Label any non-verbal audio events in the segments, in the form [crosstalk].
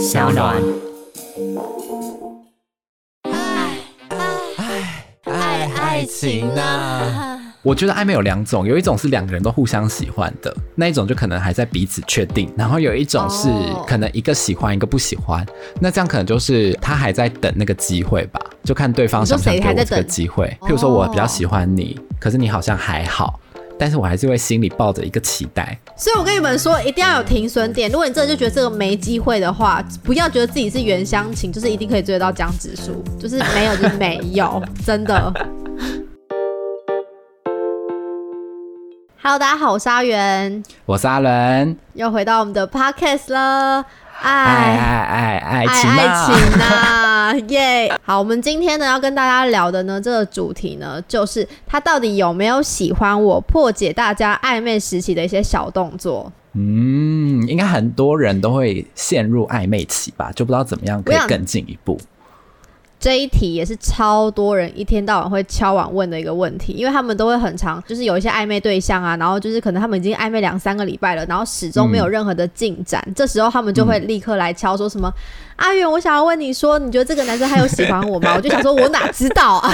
小暖，愛愛愛愛情呢、啊？我覺得曖昧有兩種，有一種是兩個人都互相喜歡的，那一種就可能還在彼此確定；然後有一種是可能一個喜歡一個不喜歡，哦、那這樣可能就是他還在等那個機會吧，就看對方想不想給我這個機會。譬如說我比較喜歡你，哦、可是你好像還好。但是我還是會心裡抱着一個期待，所以我跟你們說，一定要有停損點。如果你真的就覺得這個沒機會的話，不要覺得自己是袁湘琴，就是一定可以追得到江直樹，就是沒有，就是沒有， [laughs] 真的。 [laughs] Hello，大家好，我是阿圓，我是阿倫，又回到我們的 Podcast 了。愛，愛愛愛愛愛情吶、啊、耶！ [laughs] [laughs] 好，我們今天呢要跟大家聊的呢這個主題呢，就是他到底有沒有喜歡我？破解大家曖昧時期的一些小動作。嗯，應該很多人都會陷入曖昧期吧，就不知道怎麼樣可以更進一步。這一題也是超多人一天到晚會敲碗問的一個問題，因為他們都會很常，就是有一些曖昧對象啊，然後就是可能他們已經曖昧兩三個禮拜了，然後始終沒有任何的進展，嗯、這時候他們就會立刻來敲，說什麼：“阿圓、嗯啊，我想要問你說，你覺得這個男生他有喜歡我嗎？” [laughs] 我就想說，我哪知道啊？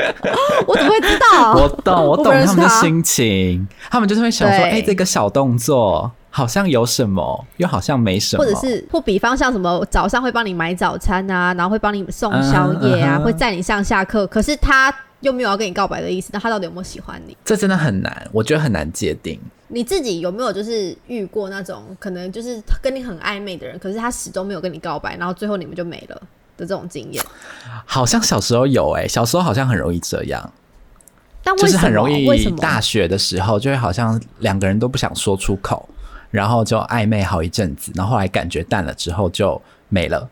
[laughs] 我怎麼會知道？我懂，我懂我他，他們的心情，他們就是會想說：“哎對、欸，這個小動作。”好像有什麼，又好像沒什麼，或者是或比方像什麼早上會幫你買早餐啊，然後會幫你送宵夜啊，會、uh huh, uh huh. 載你上下課，可是他又沒有要跟你告白的意思，那他到底有沒有喜歡你？這真的很難，我覺得很難界定。你自己有沒有就是遇過那種可能就是跟你很曖昧的人，可是他始終沒有跟你告白，然後最後你們就沒了的這種經驗？好像小時候有哎、欸，小時候好像很容易這樣，但為什麼、欸、就是很容易。大學的時候，就會好像兩個人都不想說出口。然後就曖昧好一陣子，然後，後來感覺淡了之後就沒了。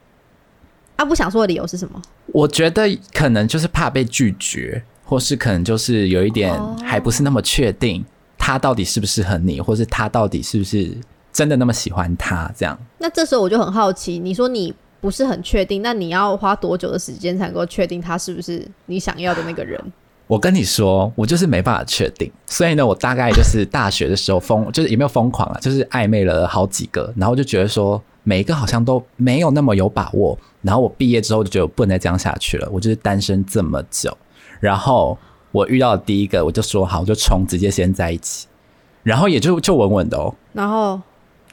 啊，不想說的理由是什麼？我覺得可能就是怕被拒絕，或是可能就是有一點還不是那麼確定，他到底適不適合你，或是他到底是不是真的那麼喜歡他這樣。那這時候我就很好奇，你說你不是很確定，那你要花多久的時間才能夠確定他是不是你想要的那個人？啊我跟你說，我就是沒辦法確定，所以呢，我大概就是大學的時候瘋， [laughs] 就是也沒有瘋狂啊，就是曖昧了好幾個，然後就覺得說，每一個好像都沒有那麼有把握，然後我畢業之後就覺得我不能再這樣下去了，我就是單身這麼久，然後我遇到的第一個，我就說好，我就衝，直接先在一起，然後也就就穩穩的哦，然後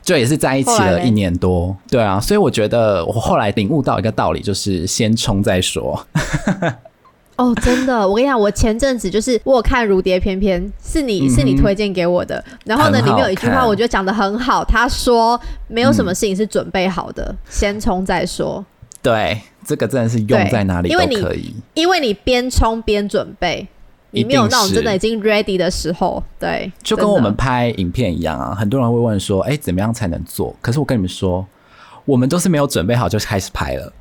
就也是在一起了一年多，對啊，所以我覺得我後來領悟到一個道理，就是先衝再說。 [laughs] 哦，oh, 真的，我跟你講，我前陣子就是我有看如蝶翩翩，是你，嗯、哼是你推薦給我的。然後呢，裡面有一句話，我覺得講得很好。他說：“沒有什麼事情是準備好的，嗯、先衝再說。”對，這個真的是用在哪裡，因為你都可以，因為你邊衝邊準備，你沒有那種真的已經 ready 的時候，對。就跟我們拍影片一樣啊，很多人會問說：“哎、欸，怎麼樣才能做？”可是我跟你們說，我們都是沒有準備好就開始拍了。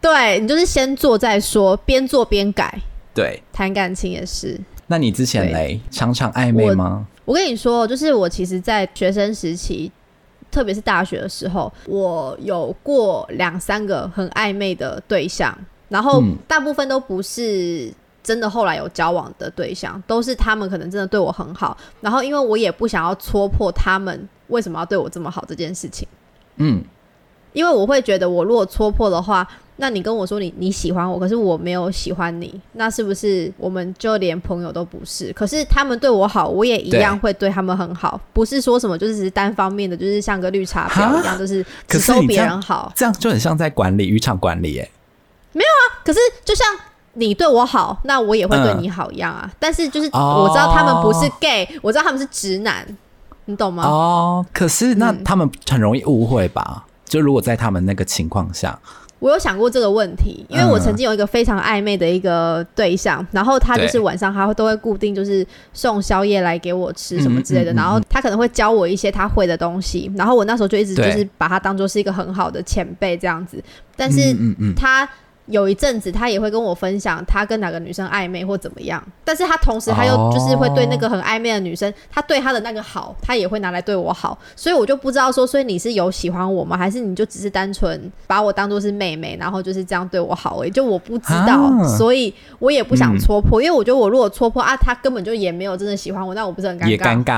對，你就是先做再說，邊做邊改。對，談感情也是。那你之前嘞，常常曖昧嗎？我，我跟你說，就是我其實，在學生時期，特別是大學的時候，我有過兩三個很曖昧的對象，然後大部分都不是真的後來有交往的對象，嗯、都是他們可能真的對我很好。然後，因為我也不想要戳破他們為什麼要對我這麼好這件事情。嗯，因為我會覺得，我如果戳破的話。那你跟我說你你喜歡我，可是我沒有喜歡你，那是不是我們就連朋友都不是？可是他們對我好，我也一樣會對他們很好，對不是說什麼就是只是單方面的，就是像個綠茶婊一樣，蛤就是只收別人好這，這樣就很像在管理漁場管理耶？沒有啊，可是就像你對我好，那我也會對你好一樣啊。嗯、但是就是我知道他們不是 gay，、哦、我知道他們是直男，你懂嗎？哦，可是那他們很容易誤會吧？嗯、就如果在他們那個情況下。我有想過這個問題，因為我曾經有一個非常曖昧的一個對象，嗯、然後他就是晚上他都會固定就是送宵夜來給我吃什麼之類的，嗯嗯嗯嗯嗯然後他可能會教我一些他會的東西，然後我那時候就一直就是把他當做是一個很好的前輩這樣子，對但是他。有一陣子，他也會跟我分享他跟哪個女生曖昧或怎麼樣，但是他同時他又就是會對那個很曖昧的女生，哦、他對他的那個好，他也會拿來對我好，所以我就不知道說，所以你是有喜歡我嗎？還是你就只是單純把我當做是妹妹，然後就是這樣對我好而、欸、已？就我不知道，啊、所以我也不想戳破，嗯、因為我覺得我如果戳破啊，他根本就也沒有真的喜歡我，那我不是很尷尬？也尷尬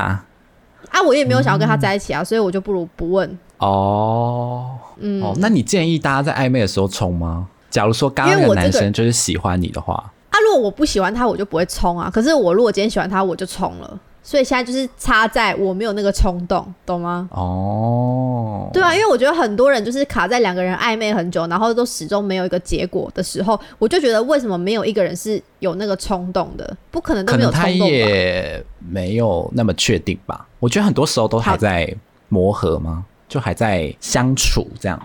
啊！我也沒有想要跟他在一起啊，嗯、所以我就不如不問哦。嗯、哦，那你建議大家在曖昧的時候衝嗎？假如說剛剛那個男生就是喜歡你的話，這個、啊，如果我不喜歡他，我就不會衝啊。可是我如果今天喜歡他，我就衝了。所以現在就是差在我沒有那個衝動，懂嗎？哦，對啊，因為我覺得很多人就是卡在兩個人曖昧很久，然後都始終沒有一個結果的時候，我就覺得為什麼沒有一個人是有那個衝動的？不可能都沒有衝動吧？他也沒有那麼確定吧？我覺得很多時候都還在磨合嗎？就還在相處這樣。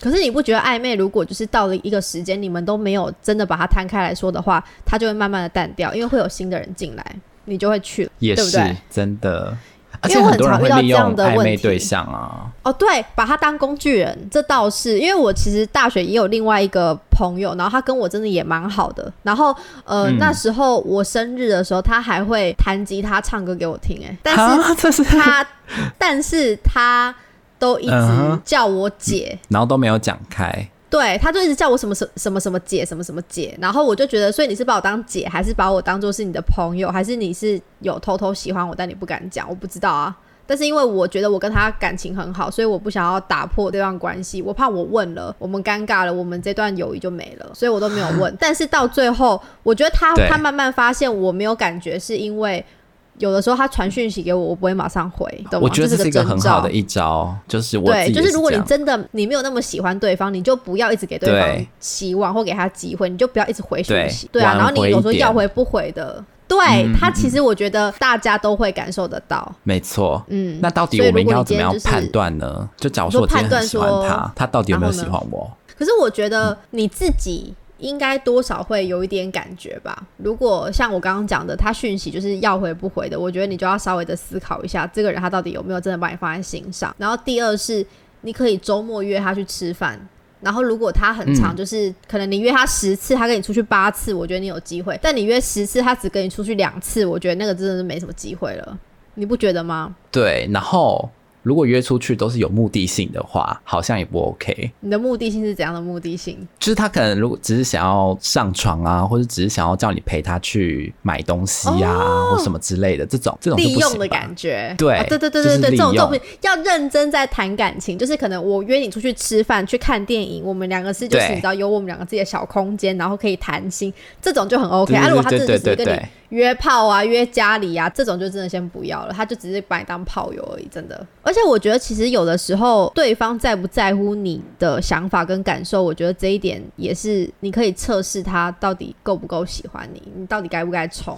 可是你不覺得曖昧，如果就是到了一個時間，你們都沒有真的把它攤開來說的話，它就會慢慢的淡掉，因為會有新的人進來，你就會去了，也是，對不對？真的，而且因為我很常遇到這樣的問題，很多人會利用曖昧對象啊。哦，對，把它當工具人，這倒是，因為我其實大學也有另外一個朋友，然後他跟我真的也蠻好的，然後呃、嗯、那時候我生日的時候，他還會彈吉他唱歌給我聽，欸，誒，但是他，但是他。都一直叫我姐，嗯，然後都沒有講開。對，他就一直叫我什麼什什麼什麼，什麼姐，什麼什麼姐。然後我就覺得，所以你是把我當姐，還是把我當做是你的朋友，還是你是有偷偷喜歡我，但你不敢講？我不知道啊。但是因為我覺得我跟他感情很好，所以我不想要打破這段關係，我怕我問了，我們尷尬了，我們這段友誼就沒了，所以我都沒有問。蛤但是到最後，我覺得他對他慢慢發現我沒有感覺，是因為。有的時候他傳訊息給我，我不會馬上回，懂嗎？我覺得這是一個很好的一招，就是我。對，就是如果你真的你沒有那麼喜歡對方，你就不要一直給對方期望，或給他機會，你就不要一直回訊息，對啊。然後你有時候要回不回的，對他其實我覺得大家都會感受得到。沒錯，嗯。那到底我們要怎麼樣判斷呢？就假如說我真的很喜歡他，他到底有沒有喜歡我？可是我覺得你自己。應該多少會有一點感覺吧。如果像我剛剛講的，他訊息就是要回不回的，我覺得你就要稍微的思考一下，這個人他到底有沒有真的把你放在心上？然後第二是，你可以周末約他去吃飯。然後如果他很常，就是、嗯、可能你約他十次，他跟你出去八次，我覺得你有機會。但你約十次，他只跟你出去兩次，我覺得那個真的是沒什麼機會了，你不覺得嗎？對，然後。如果約出去都是有目的性的話，好像也不 OK。你的目的性是怎樣的目的性？就是他可能如果只是想要上床啊，或者只是想要叫你陪他去買東西啊，哦、或什麼之類的，這種這種利用的感覺，對、哦、對對對對對，這種這種要認真在談感情。就是可能我約你出去吃飯、去看電影，我們兩個是就是你對有我們兩個自己的小空間，然後可以談心，這種就很 OK。啊，如果他真的是一個對約炮啊，約家裡啊，這種就真的先不要了，他就只是把你當炮友而已，真的。而且我覺得，其實有的時候，對方在不在乎你的想法跟感受，我覺得這一點也是你可以測試他到底夠不夠喜歡你，你到底該不該衝。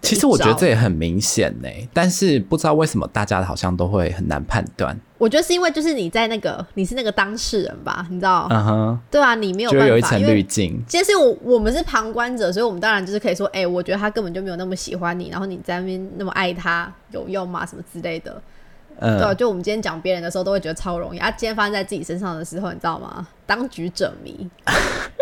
其實我覺得這也很明顯呢、欸，嗯、但是不知道為什麼大家好像都會很難判斷。我覺得是因為就是你在那個你是那個當事人吧，你知道？嗯哼，對啊，你沒有辦法，就有一層濾鏡。其實我我們是旁觀者，所以我們當然就是可以說，哎、欸，我覺得他根本就沒有那麼喜歡你，然後你在那邊那麼愛他有用嗎？什麼之類的。嗯。對、啊，就我們今天講別人的時候都會覺得超容易，啊，今天發生在自己身上的時候，你知道嗎？當局者迷。 [laughs]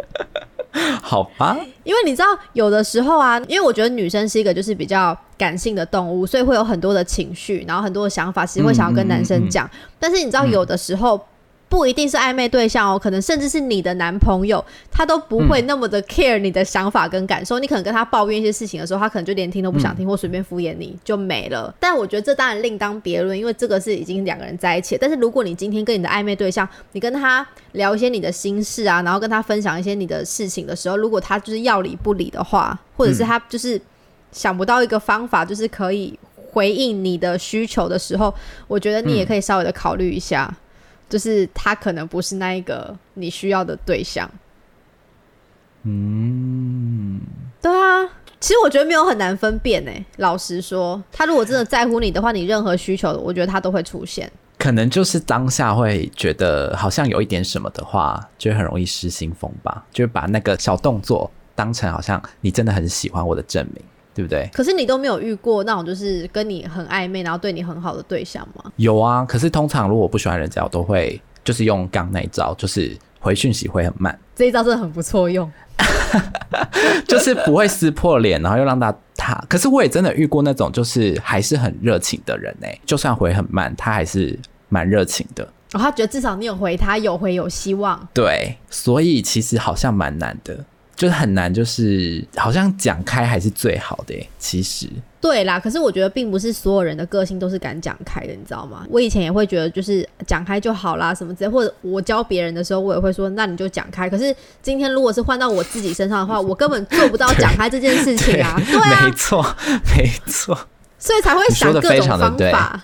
[laughs] 好吧，因為你知道，有的時候啊，因為我覺得女生是一個就是比較感性的動物，所以會有很多的情緒，然後很多的想法，其實會想要跟男生講。嗯嗯嗯、但是你知道，嗯、有的時候。不一定是曖昧對象哦，可能甚至是你的男朋友，他都不會那麼的 care 你的想法跟感受。嗯、你可能跟他抱怨一些事情的時候，他可能就連聽都不想聽，嗯、或隨便敷衍你就沒了。但我覺得這當然另當別論，因為這個是已經兩個人在一起了。但是如果你今天跟你的曖昧對象，你跟他聊一些你的心事啊，然後跟他分享一些你的事情的時候，如果他就是要理不理的話，或者是他就是想不到一個方法，就是可以回應你的需求的時候，我覺得你也可以稍微的考慮一下。嗯嗯就是他可能不是那一個你需要的對象，嗯，對啊，其實我覺得沒有很難分辨哎，老實說，他如果真的在乎你的話，你任何需求，我覺得他都會出現。可能就是當下會覺得好像有一點什麼的話，就很容易失心瘋吧，就是把那個小動作當成好像你真的很喜歡我的證明。對不對？可是你都沒有遇過那種就是跟你很曖昧，然後對你很好的對象嗎？有啊，可是通常如果我不喜歡人家，我都會就是用剛那一招，就是回訊息會很慢。這一招真的很不錯用， [laughs] 就是不會撕破臉， [laughs] 然後又讓他他。可是我也真的遇過那種就是還是很熱情的人誒，就算回很慢，他還是蠻熱情的。然後，哦，他覺得至少你有回他，有回有希望。對，所以其實好像蠻難的。就，就是很難，就是好像講開還是最好的欸。其實對啦，可是我覺得並不是所有人的個性都是敢講開的，你知道嗎？我以前也會覺得就是講開就好啦，什麼之類。或者我教別人的時候，我也會說那你就講開。可是今天如果是換到我自己身上的話，我根本做不到講開這件事情啊！對，對，對啊。沒錯，沒錯。所以才會想各種方法，對，對啊，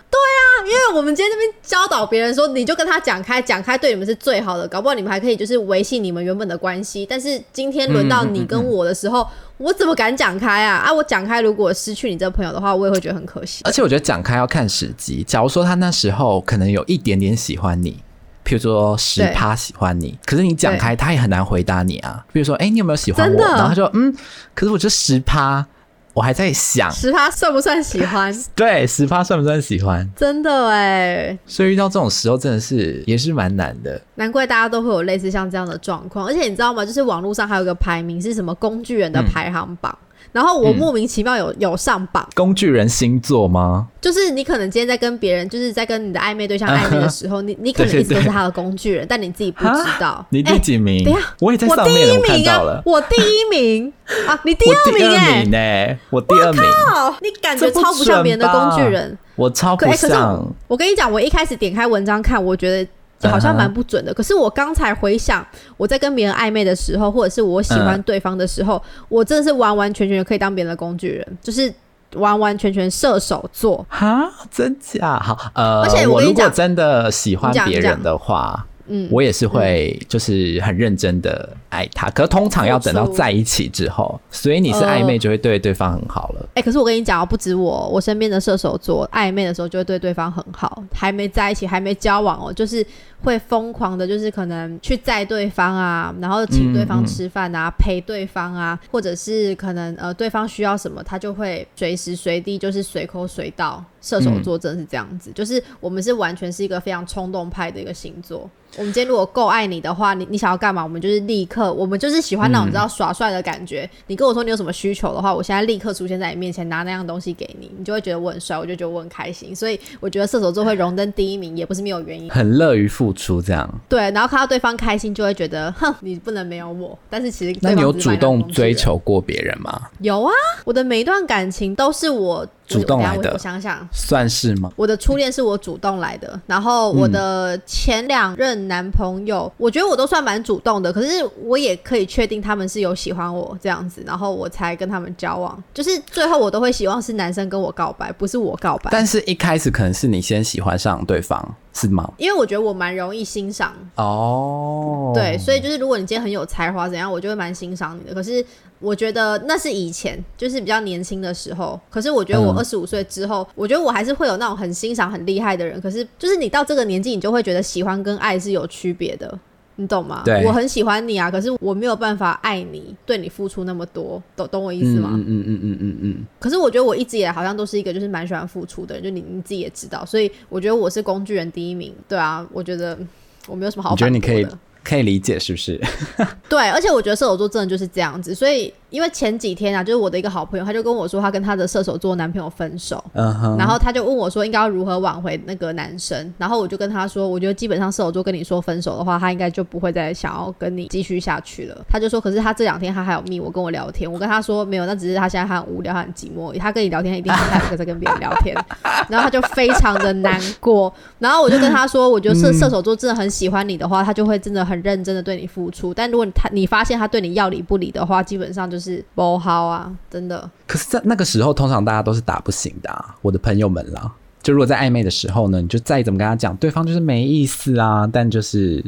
因為我們今天這邊教導別人說，你就跟他講開，講開對你們是最好的，搞不好你們還可以就是維繫你們原本的關係。但是今天輪到你跟我的時候，嗯嗯嗯嗯，我怎麼敢講開啊？啊，我講開，如果失去你這個朋友的話，我也會覺得很可惜。而且我覺得講開要看時機。假如說他那時候可能有一點點喜歡你，譬如說十趴喜歡你，對可是你講開他也很難回答你啊。對比如說，誒，你有沒有喜歡我？真的然後他說，嗯，可是我覺得十趴，我還在想，十趴算不算喜歡？ [laughs] 對，十趴算不算喜歡？真的誒，所以遇到這種時候真的是也是蠻難的。難怪大家都會有類似像這樣的狀況，而且你知道嗎？就是網絡上還有一個排名，是什麼工具人的排行榜。嗯然後我莫名其妙有有上榜，工具人星座嗎？就是你可能今天在跟別人，就是在跟你的曖昧對象曖昧的時候，你你可能一直都是他的工具人，但你自己不知道你第幾名？等一下，我也在上面看到了，我第一名啊，我第一名，你第二名欸？我第二名，我靠，你感覺超不像別人的工具人，我超不像。可是我跟你講，我一開始點開文章看，我覺得。好像蠻不準的。嗯、可是我剛才回想，我在跟別人曖昧的時候，或者是我喜歡對方的時候，嗯、我真的是完完全全可以當別人的工具人，就是完完全全射手座。哈，真假？好，呃，而且我，我如果真的喜歡別人的話，嗯，我也是會就是很認真的愛他。嗯、可是通常要等到在一起之後，嗯、所以你是曖昧就會對對方很好了。哎、呃欸，可是我跟你講哦，不止我，我身邊的射手座曖昧的時候就會對對方很好，還沒在一起，還沒交往哦，就是。會瘋狂的，就是可能去載對方啊，然後請對方吃飯啊，嗯嗯、陪對方啊，或者是可能呃對方需要什麼，他就會隨時隨地就是隨口隨到。射手座真是這樣子，嗯、就是我們是完全是一個非常衝動派的一個星座。我們今天如果夠愛你的話，你你想要幹嘛，我們就是立刻，我們就是喜歡那種知道耍帥的感覺。嗯、你跟我說你有什麼需求的話，我現在立刻出現在你面前，拿那樣東西給你，你就會覺得我很帥，我就覺得我很開心。所以我覺得射手座會榮登第一名、嗯、也不是沒有原因，很樂於付。出這樣，對，然後看到對方開心，就會覺得哼，你不能沒有我。但是其實，那你有主動追求過別人嗎？有啊，我的每一段感情都是我。主動來的，我想想，算是嗎？我的初戀是我主動來的，嗯、然後我的前兩任男朋友，我覺得我都算蠻主動的，可是我也可以確定他們是有喜歡我這樣子，然後我才跟他們交往。就是最後我都會希望是男生跟我告白，不是我告白。但是一開始可能是你先喜歡上對方，是嗎？因為我覺得我蠻容易欣賞哦、嗯，對，所以就是如果你今天很有才華怎樣，我就會蠻欣賞你的。可是。我覺得那是以前，就是比較年輕的時候。可是我覺得我二十五歲之後，嗯、我覺得我還是會有那種很欣賞、很厲害的人。可是，就是你到這個年紀，你就會覺得喜歡跟愛是有區別的，你懂嗎？對，我很喜歡你啊，可是我沒有辦法愛你，對你付出那麼多，懂懂我意思嗎？嗯嗯嗯嗯嗯嗯。可是我覺得我一直也好像都是一個就是蠻喜歡付出的人，就你你自己也知道。所以我覺得我是工具人第一名，對啊，我覺得我沒有什麼好反駁的。我覺得你可以。可以理解是不是？ [laughs] 對，而且我覺得射手座真的就是這樣子，所以因為前幾天啊，就是我的一個好朋友，他就跟我說他跟他的射手座男朋友分手，uh huh. 然後他就問我說應該要如何挽回那個男生，然後我就跟他說，我覺得基本上射手座跟你說分手的話，他應該就不會再想要跟你繼續下去了。他就說，可是他這兩天他還有密我跟我聊天，我跟他說沒有，那只是他現在還很無聊，他很寂寞，他跟你聊天一定是他哥在跟別人聊天， [laughs] 然後他就非常的難過，然後我就跟他說，我覺得射射手座真的很喜歡你的話，他就會真的很。很認真的對你付出，但如果你他你發現他對你要理不理的話，基本上就是煲好啊，真的。可是，在那個時候，通常大家都是打不醒的啊，我的朋友們啦。就如果在曖昧的時候呢，你就再怎麼跟他講，對方就是沒意思啊，但就是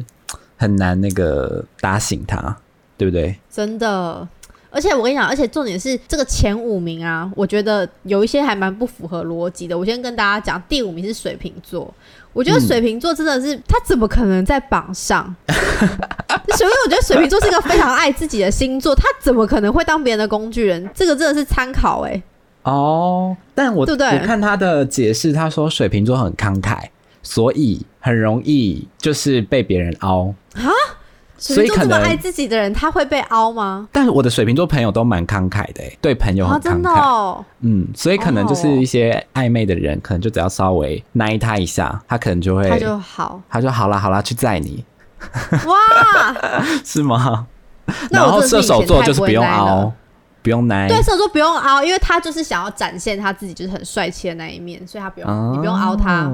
很難那個打醒他，對不對？真的。而且我跟你講，而且重點是這個前五名啊，我覺得有一些還蠻不符合邏輯的。我先跟大家講，第五名是水瓶座，我覺得水瓶座真的是他、嗯、怎麼可能在榜上？ [laughs] 所以我覺得水瓶座是一個非常愛自己的星座，他怎麼可能會當別人的工具人？這個真的是參考哎、欸。哦，但我對不對？我看他的解釋，他說水瓶座很慷慨，所以很容易就是被別人凹啊。所以可能，所以這麼愛自己的人，他會被凹嗎？但我的水瓶座朋友都蠻慷慨的，欸，對朋友很慷慨。啊、真的、哦。嗯，所以可能就是一些曖昧的人，哦、可能就只要稍微耐他一下，他可能就會。他就好。他就好啦，好啦，去載你。哇。 [laughs] 是嗎？ [laughs] 那我 [laughs] 然後射手座就是不用凹，不用耐。對，射手座不用凹，因為他就是想要展現他自己就是很帥氣的那一面，所以他不用，哦、你不用凹他。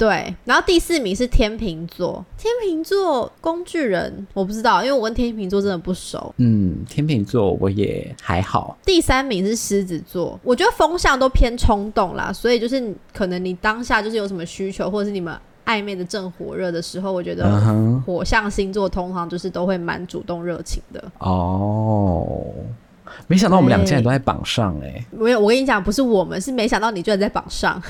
對，然後第四名是天秤座，天秤座工具人，我不知道，因為我跟天秤座真的不熟。嗯，天秤座我也還好。第三名是獅子座，我覺得風向都偏衝動啦，所以就是可能你當下就是有什麼需求，或者是你們曖昧的正火熱的時候，我覺得火象星座通常就是都會蠻主動熱情的。哦，沒想到我們兩個現在都在榜上哎、欸！沒有，我跟你講，不是我們，是沒想到你居然在榜上。 [laughs]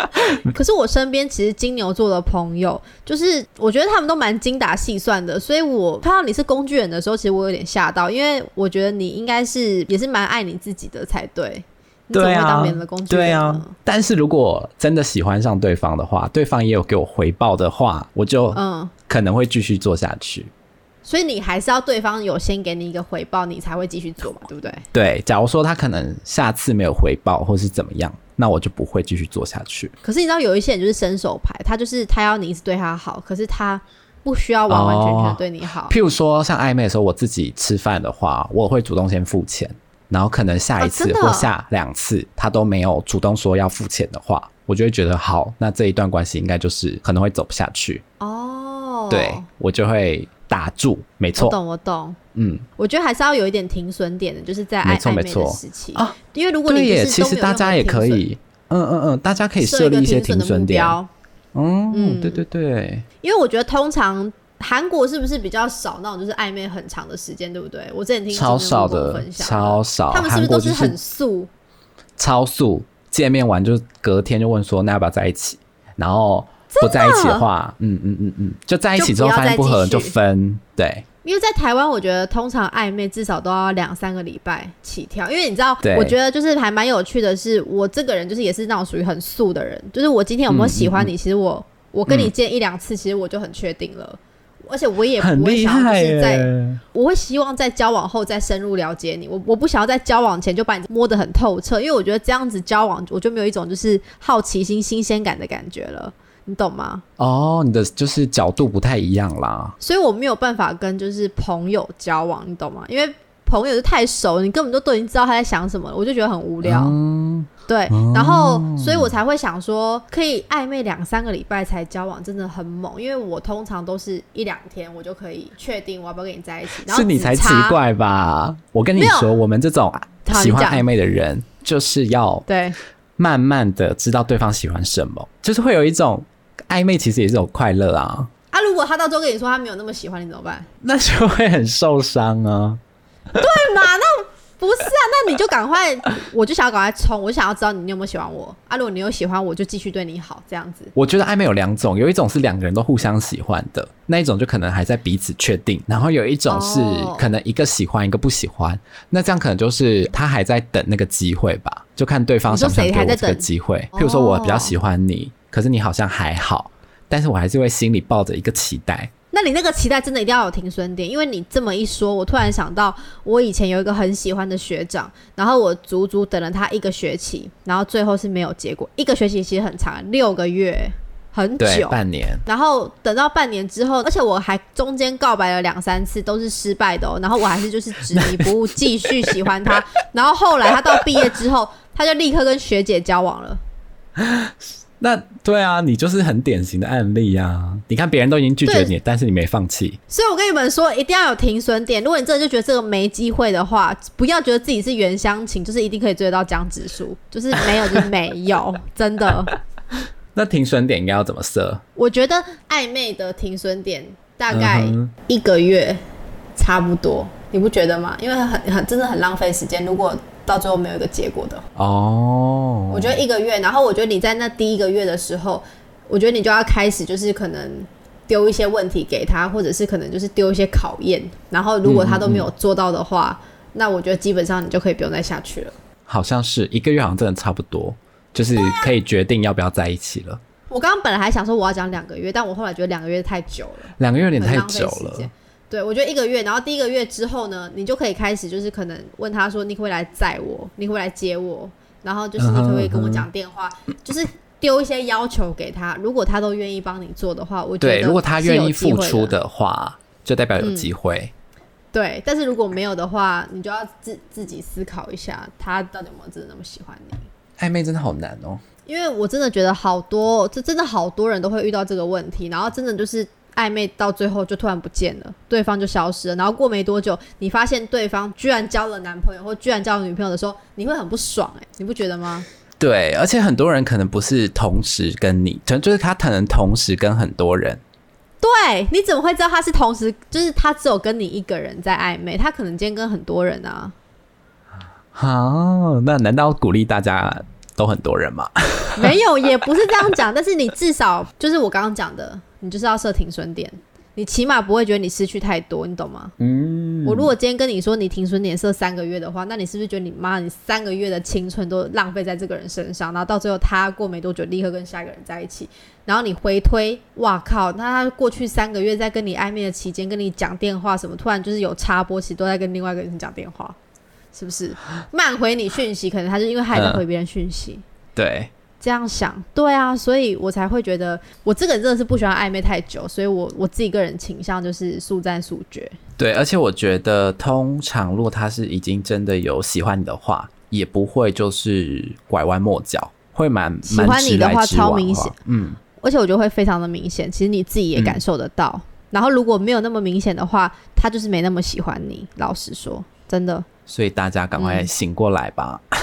[laughs] 可是我身邊其實金牛座的朋友，就是我覺得他們都蠻精打細算的，所以我看到你是工具人的時候，其實我有點嚇到，因為我覺得你應該是也是蠻愛你自己的才對，你怎麼會當別人的工具人？對啊，對啊，但是如果真的喜歡上對方的話，對方也有給我回報的話，我就嗯可能會繼續做下去。嗯，所以你還是要對方有先給你一個回報，你才會繼續做嘛，對不對？對，假如說他可能下次沒有回報或是怎麼樣。那我就不會繼續做下去。可是你知道，有一些人就是伸手牌，他就是他要你一直對他好，可是他不需要完完全全對你好，哦。譬如說，像曖昧的時候，我自己吃飯的話，我會主動先付錢，然後可能下一次，啊，或下兩次他都沒有主動說要付錢的話，我就會覺得好，那這一段關係應該就是可能會走不下去。哦，對，我就會。打住，沒錯。我懂，我懂。嗯，我覺得還是要有一點停損點的，就是在曖昧的時期，啊，因為如果你其實大家也可以，嗯嗯嗯，大家可以設立一些停損點。嗯，對對對。因為我覺得通常韓國是不是比較少那種就是曖昧很長的時間，對不對？我之前聽超少的，超少。韓國就是、他們是不是都是很素？超素，見面完就隔天就問說那要不要在一起，然後。不在一起的話，的嗯嗯嗯嗯，就在一起之後再不合就分，就對。因為在台灣，我覺得通常曖昧至少都要兩三個禮拜起跳。因為你知道，我覺得就是還蠻有趣的是，我這個人就是也是那種屬於很素的人，就是我今天有沒有喜歡你，嗯嗯、其實我我跟你見一兩次，其實我就很確定了。嗯、而且我也不會想就是在，欸、我會希望在交往後再深入了解你。我我不想要在交往前就把你摸得很透徹，因為我覺得這樣子交往我就沒有一種就是好奇心、新鮮感的感覺了。你懂嗎？哦，oh, 你的就是角度不太一樣啦，所以我沒有辦法跟就是朋友交往，你懂嗎？因為朋友是太熟，你根本都都已經知道他在想什麼了，我就覺得很無聊。嗯，對，嗯、然後所以我才會想說，可以曖昧兩三個禮拜才交往，真的很猛。因為我通常都是一兩天，我就可以確定我要不要跟你在一起。然後是你才奇怪吧？我跟你說，嗯、我們這種喜歡曖昧的人，就是要對慢慢的知道對方喜歡什麼， [laughs] 對就是會有一種。曖昧其實也是有種快樂啊！啊，如果他到時候跟你說他沒有那麼喜歡你怎麼辦？那就會很受傷啊！對嘛？那不是啊？那你就趕快， [laughs] 我就想要趕快衝，我就想要知道你有沒有喜歡我啊？如果你有喜歡，我就繼續對你好這樣子。我覺得曖昧有兩種，有一種是兩個人都互相喜歡的，那一種就可能還在彼此確定；然後有一種是可能一個喜歡一個不喜歡，哦、那這樣可能就是他還在等那個機會吧，就看對方你說誰還在等？想不想給我這個機會。哦、譬如說我比較喜歡你。可是你好像還好，但是我還是會心裡抱着一個期待。那你那個期待真的一定要有停損點，因為你這麼一說，我突然想到，我以前有一個很喜歡的學長，然後我足足等了他一個學期，然後最後是沒有結果。一個學期其實很長，六個月很久，半年。然後等到半年之後，而且我還中間告白了兩三次，都是失敗的哦。然後我還是就是執迷不悟， [laughs] 繼續喜歡他。然後後來他到畢業之後，他就立刻跟學姐交往了。 [laughs] 那對啊，你就是很典型的案例呀，啊！你看，別人都已經拒絕你，對但是你沒放棄。所以我跟你們說，一定要有停損點。如果你真的就覺得這個沒機會的話，不要覺得自己是袁湘琴，就是一定可以追得到江直樹，就是沒有就是沒有， [laughs] 真的。 [laughs] 那停損點應該要怎麼設？我覺得曖昧的停損點大概一個月差不多，嗯、哼你不覺得嗎？因為很很真的很浪費時間。如果到最後沒有一個結果的哦，oh、我覺得一個月，然後我覺得你在那第一個月的時候，我覺得你就要開始，就是可能丟一些問題給他，或者是可能就是丟一些考驗，然後如果他都沒有做到的話，嗯嗯嗯那我覺得基本上你就可以不用再下去了。好像是一個月，好像真的差不多，就是可以決定要不要在一起了。啊、我剛剛本來還想說我要講兩個月，但我後來覺得兩個月太久了，兩個月有點太久了。對，我覺得一個月，然後第一個月之後呢，你就可以開始，就是可能問他說，你會來載我，你會來接我，然後就是你可不可以跟我講電話，嗯嗯、就是丟一些要求給他，如果他都願意幫你做的話，我覺得是有機會的。對，如果他願意付出的話，就代表有機會。嗯、對，但是如果沒有的話，你就要自自己思考一下，他到底有沒有真的那麼喜歡你？曖昧真的好難哦，因為我真的覺得好多，這真的好多人都會遇到這個問題，然後真的就是。曖昧到最後就突然不見了，對方就消失了。然後過沒多久，你發現對方居然交了男朋友，或居然交了女朋友的時候，你會很不爽，欸，你不覺得嗎？對，而且很多人可能不是同時跟你，可能就是他可能同時跟很多人。對，你怎麼會知道他是同時？就是他只有跟你一個人在曖昧，他可能今天跟很多人啊。好、哦，那難道鼓勵大家都很多人嗎？沒有，也不是這樣講。 [laughs] 但是你至少就是我剛剛講的。你就是要設停損點，你起碼不會覺得你失去太多，你懂嗎？嗯，我如果今天跟你說你停損點設三個月的話，那你是不是覺得你媽你三個月的青春都浪費在這個人身上？然後到最後他過沒多久立刻跟下一個人在一起，然後你回推，哇靠！那他過去三個月在跟你曖昧的期間，跟你講電話什麼，突然就是有插播，其實都在跟另外一個人講電話，是不是？慢回你訊息，可能他是因為還在回別人訊息。嗯，對。這樣想，對啊，所以我才會覺得我這個人真的是不喜歡曖昧太久，所以我我自己個人傾向就是速戰速決。對，而且我覺得通常如果他是已經真的有喜歡你的話，也不會就是拐彎抹角，會蠻喜歡你的話超明顯。嗯，而且我覺得會非常的明顯，其實你自己也感受得到。嗯、然後如果沒有那麼明顯的話，他就是沒那麼喜歡你。老實說，真的。所以大家趕快醒過來吧，嗯！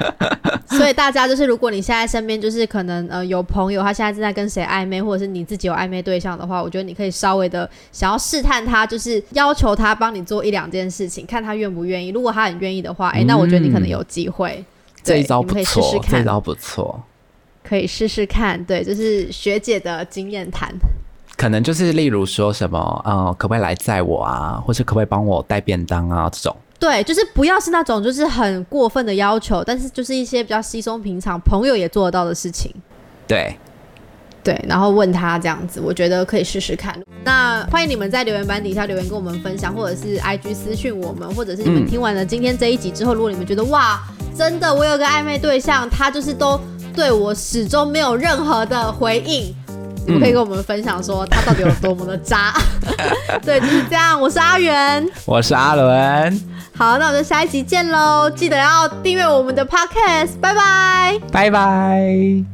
[laughs] 所以大家就是，如果你現在身邊就是可能呃有朋友，他現在正在跟誰曖昧，或者是你自己有曖昧對象的話，我覺得你可以稍微的想要試探他，就是要求他幫你做一兩件事情，看他願不願意。如果他很願意的話，哎，欸，那我覺得你可能有機會。嗯，對這一招不錯，這招不錯，可以試試看。對，就是學姐的經驗談，可能就是例如說什麼呃，可不可以來載我啊，或是可不可以幫我帶便當啊這種。對，就是不要是那種就是很過分的要求，但是就是一些比較稀鬆平常朋友也做得到的事情。對，對，然後問他這樣子，我覺得可以試試看。那歡迎你們在留言板底下留言跟我們分享，或者是 IG 私訊我們，或者是你們聽完了今天這一集之後，嗯、如果你們覺得哇，真的我有個曖昧對象，他就是都對我始終沒有任何的回應，嗯、你們可以跟我們分享說他到底有多麼的渣。 [laughs] [laughs] [laughs] 對，就是這樣。我是阿圓，我是阿侖。好，那我們就下一集見嘍！記得要訂閱我們的 Podcast，拜拜！拜拜。